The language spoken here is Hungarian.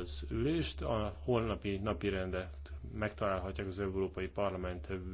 az ülést, a holnapi napi rendet megtalálhatják az Európai Parlament